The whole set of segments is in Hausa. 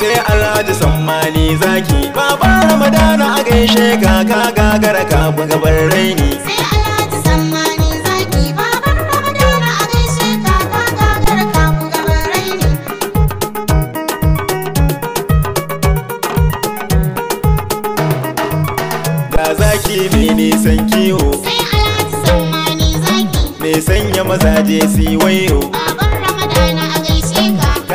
sai alhaji sammani zaki baba ramadana a gaishe ka ka gagara ka buga raini sai alhaji sammani zaki ramadana a gaishe zaki mai nisan kiwo sai alhaji sammani zaki mai sanya mazaje si wayo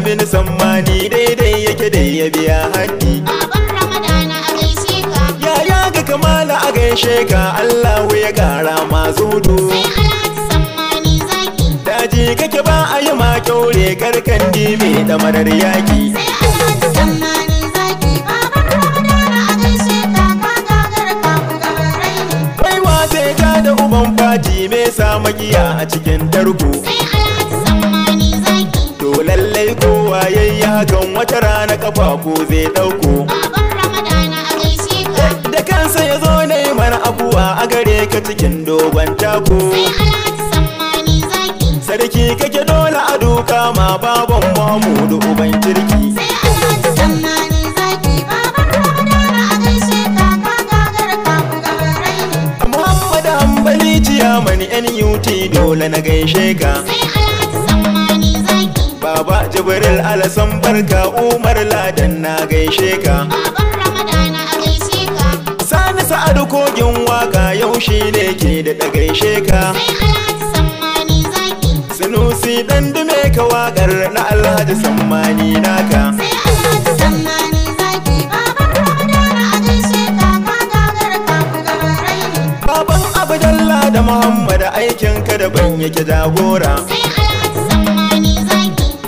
min sammani daidai yake da ya biya haddi Baban Ramadana a gaishe ka Yaya ga kamala a gaishe Allahu ya kara ma zudu Sai Alhaji sammani zaki Daji kake ba a yi ma kyaure karkan dime da marar yaki Sai Alhaji sammani da uban faji me sa magiya a cikin tarko. Sai kan wata rana kafa ko zai dauko da kansa ya zo ne mana abuwa a gare ka cikin dogon tako sarki kake dole a duka ma baban mamu da uban kirki Muhammadu Ambali Ciyamani NUT dole na gaishe ka. Sai jibril alasan barka umar ladan na gaishe ka sani sa'adu kogin waka yau shi ne ke da gaishe ka sunusi dan dume ka wakar na alhaji sammani naka baban abdallah da muhammad aikin ka da ban yake jagora sai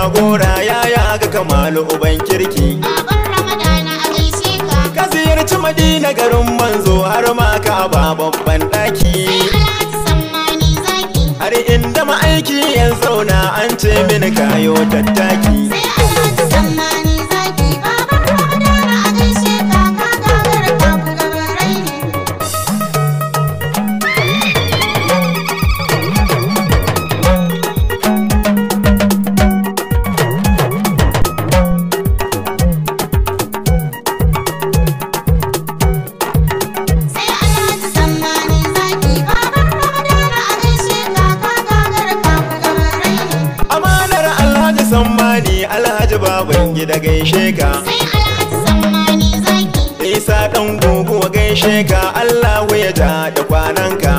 jagora yaya ga kamalu uban kirki ramadana a gaishe ka ka ziyarci madina garin manzo har ma ka ba babban daki har inda ma'aiki yan zauna an ce mini kayo tattaki da gaishe ka sai alhaji sammani zaki isa dan gogo gaishe ka Allah ya ja da kwanan ka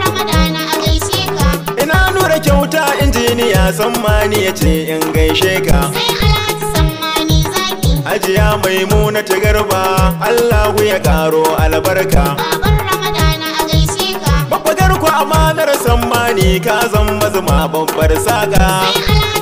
ramadana a gaishe ka ina nura kyauta injiniya sammani ya ce in gaishe ka sai alhaji sammani zaki ajiya maimuna ta garba Allah ya karo albarka baban ramadana a gaishe ka babbar ku amanar sammani ka zan mazuma babbar saga sai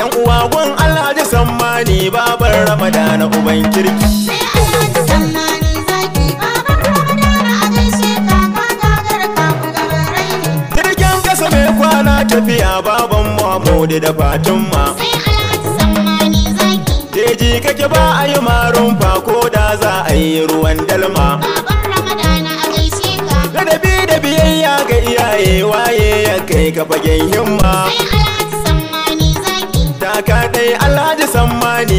yan uwa gun alhaji sammani babar ramadana uban kirki alhaji jirgin gasa mai kwana tafiya baban mahmud da fatima sai alhaji jeji kake ba a yi marun ko da za a yi ruwan dalma Baban ramadana a gaishe ka ladabi da biyayya ga iyaye waye ya kai ka fagen himma sai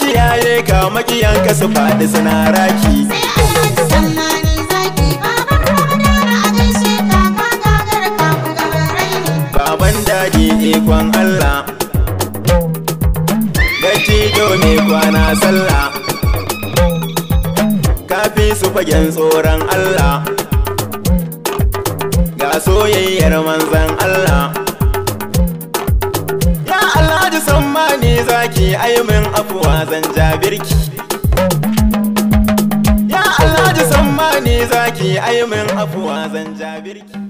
kiyaye ga makiyanka su faɗi suna raki Baban daji ikon Allah Gaji domin kwana sallah Kafi su fagen tsoron Allah Ga soyayyar manzan Allah ayi min afuwa zan ja birki ya alhaji sammani zaki ayi min afuwa zan ja birki